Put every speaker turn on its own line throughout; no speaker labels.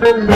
Thank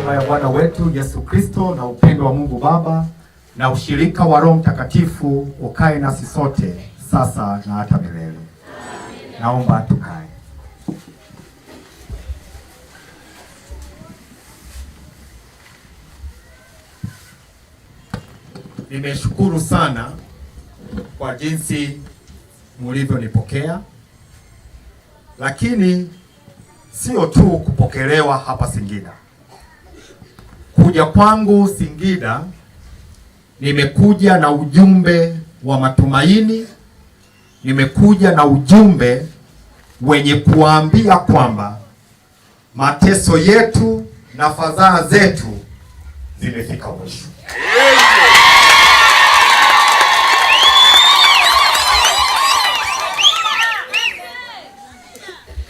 neema ya Bwana wetu Yesu Kristo na upendo wa Mungu Baba na ushirika wa Roho Mtakatifu ukae nasi sote sasa na hata milele. Naomba tukae. Nimeshukuru sana kwa jinsi mlivyonipokea, lakini sio tu kupokelewa hapa Singida Kuja kwangu Singida nimekuja na ujumbe wa matumaini, nimekuja na ujumbe wenye kuambia kwamba mateso yetu na fadhaa zetu zimefika mwisho.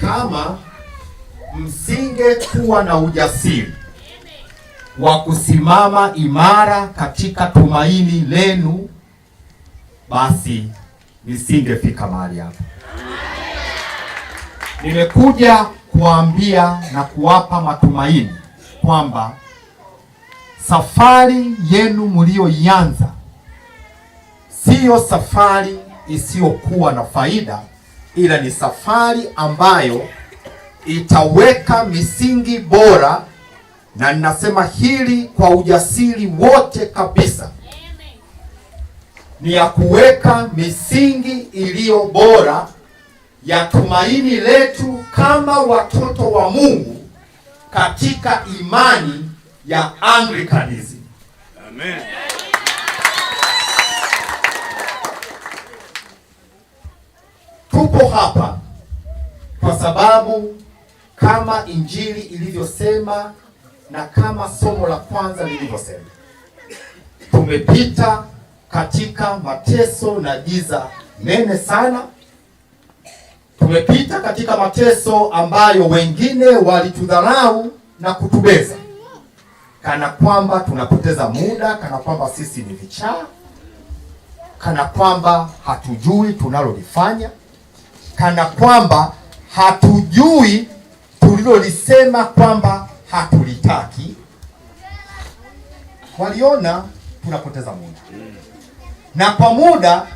Kama msingekuwa na ujasiri wa kusimama imara katika tumaini lenu, basi nisingefika mahali hapa. Nimekuja kuwaambia na kuwapa matumaini kwamba safari yenu mlioianza siyo safari isiyokuwa na faida, ila ni safari ambayo itaweka misingi bora na ninasema hili kwa ujasiri wote kabisa, ni ya kuweka misingi iliyo bora ya tumaini letu kama watoto wa Mungu katika imani ya Anglicanism. Amen. Tupo hapa kwa sababu kama Injili ilivyosema na kama somo la kwanza lilivyosema, tumepita katika mateso na giza nene sana. Tumepita katika mateso ambayo wengine walitudharau na kutubeza, kana kwamba tunapoteza muda, kana kwamba sisi ni vichaa, kana kwamba hatujui tunalolifanya, kana kwamba hatujui tulilolisema kwamba hatuli hawalitaki, waliona tunapoteza muda na kwa muda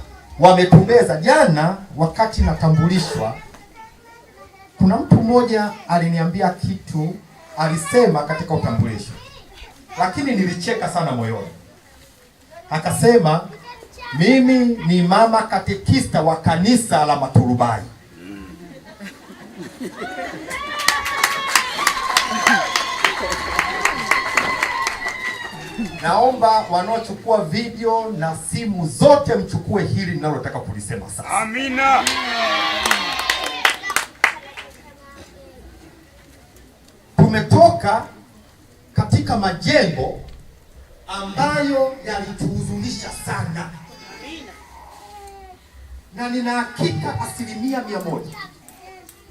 wametumbeza. Jana wakati natambulishwa, kuna mtu mmoja aliniambia kitu, alisema katika utambulisho, lakini nilicheka sana moyoni. Akasema mimi ni mama katekista wa kanisa la Maturubai. naomba wanaochukua video na simu zote mchukue hili ninalotaka kulisema sasa.
Amina.
Tumetoka katika majengo ambayo yalituhuzunisha sana, na nina hakika asilimia mia moja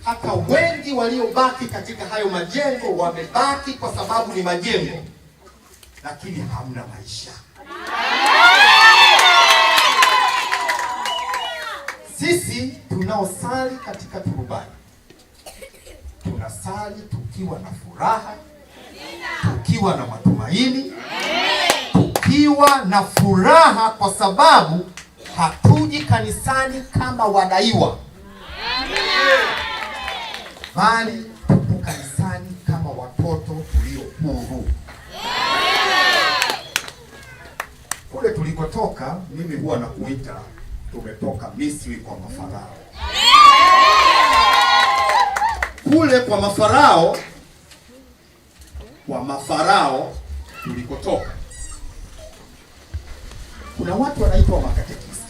hata wengi waliobaki katika hayo majengo wamebaki kwa sababu ni majengo lakini hamna maisha. Sisi tunaosali katika turubani tunasali tukiwa na furaha, tukiwa na matumaini, tukiwa na furaha kwa sababu hatuji kanisani kama wadaiwa, bali kule tulikotoka, mimi huwa nakuita tumetoka Misri kwa mafarao. Kule kwa mafarao, kwa mafarao tulikotoka, kuna watu wanaitwa makatekista.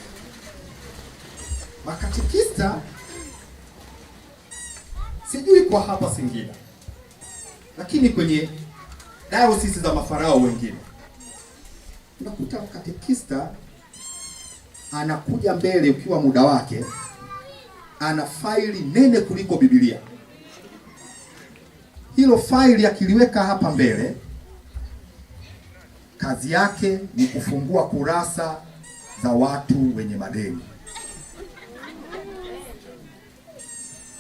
Makatekista sijui kwa hapa Singida, lakini kwenye dayosisi za mafarao wengine Unakuta katekista anakuja mbele ukiwa muda wake, ana faili nene kuliko Biblia. Hilo faili akiliweka hapa mbele, kazi yake ni kufungua kurasa za watu wenye madeni.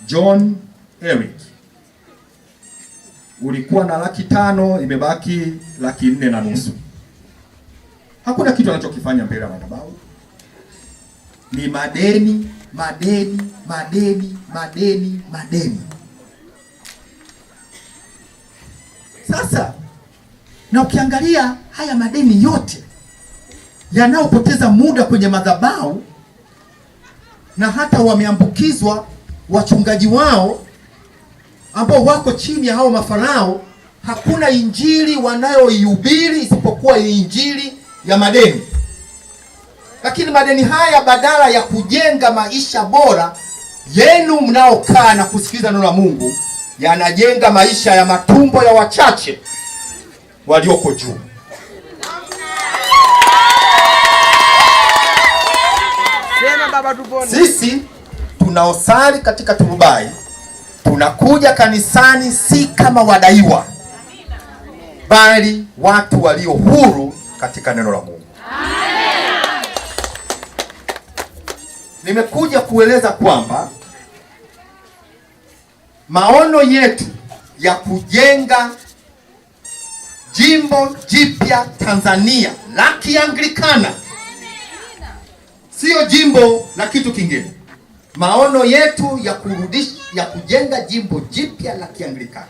John Eric, ulikuwa na laki tano, imebaki laki nne na nusu. Hakuna kitu anachokifanya mbele ya madhabahu, ni madeni, madeni, madeni, madeni, madeni. Sasa na ukiangalia haya madeni yote yanayopoteza muda kwenye madhabahu na hata wameambukizwa wachungaji wao ambao wako chini ya hao mafarao, hakuna injili wanayoihubiri isipokuwa injili ya madeni, lakini madeni haya badala ya kujenga maisha bora yenu mnaokaa na kusikiliza neno la Mungu, yanajenga maisha ya matumbo ya wachache walioko juu. Sisi tunaosali katika turubai tunakuja kanisani si kama wadaiwa, bali watu walio huru katika neno la Mungu. Nimekuja kueleza kwamba maono yetu ya kujenga jimbo jipya Tanzania la Kianglikana, siyo jimbo la kitu kingine. Maono yetu ya kurudisha, ya kujenga jimbo jipya la Kianglikana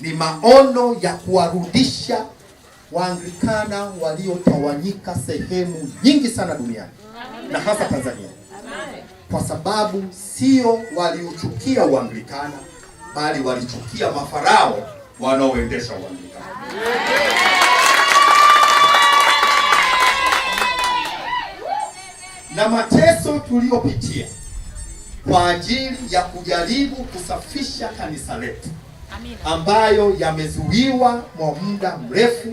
ni maono ya kuwarudisha Waanglikana waliotawanyika sehemu nyingi sana duniani na hasa Tanzania, kwa sababu sio waliochukia Uanglikana, bali walichukia mafarao wanaoendesha Uanglikana. Na mateso tuliyopitia kwa ajili ya kujaribu kusafisha kanisa letu ambayo yamezuiwa kwa muda mrefu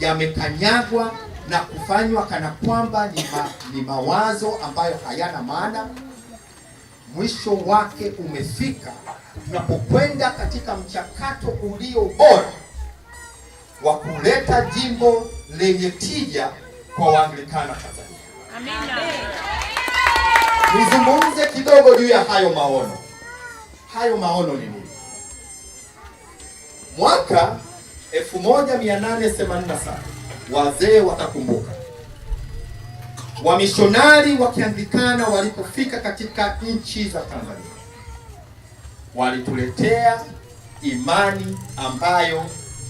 yamekanyagwa na kufanywa kana kwamba ni, ma, ni mawazo ambayo hayana maana. Mwisho wake umefika tunapokwenda katika mchakato ulio bora wa kuleta jimbo lenye tija kwa Waanglikana Tanzania. Amina. Nizungumze kidogo juu ya hayo maono. Hayo maono ni nini? Mwaka 1887 wazee watakumbuka wamishonari wakianglikana walipofika katika nchi za Tanzania walituletea imani ambayo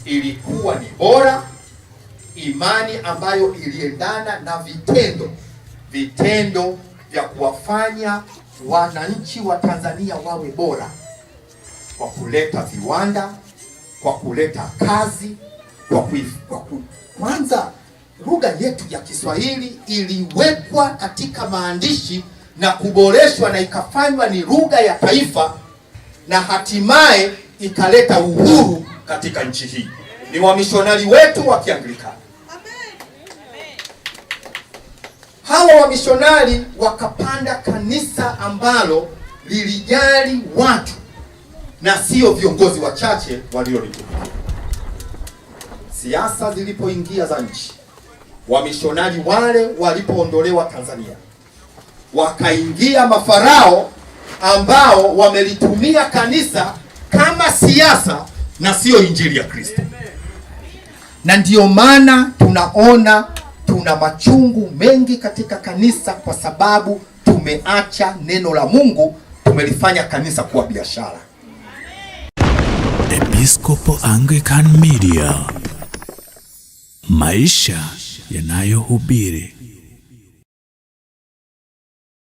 ilikuwa ni bora, imani ambayo iliendana na vitendo, vitendo vya kuwafanya wananchi wa Tanzania wawe bora kwa kuleta viwanda kwa kuleta kazi kwa ku, kwanza lugha yetu ya Kiswahili iliwekwa katika maandishi na kuboreshwa na ikafanywa ni lugha ya taifa na hatimaye ikaleta uhuru katika nchi hii. Ni wamishonari wetu wa Kianglikana. Hawa wamishonari wakapanda kanisa ambalo lilijali watu na sio viongozi wachache waliolitumikia. Siasa zilipoingia za nchi, wamishonari wale walipoondolewa Tanzania, wakaingia mafarao ambao wamelitumia kanisa kama siasa na sio injili ya Kristo, na ndiyo maana tunaona tuna machungu mengi katika kanisa, kwa sababu tumeacha neno la Mungu, tumelifanya kanisa kuwa biashara. Episcopal Anglican Media, maisha yanayohubiri.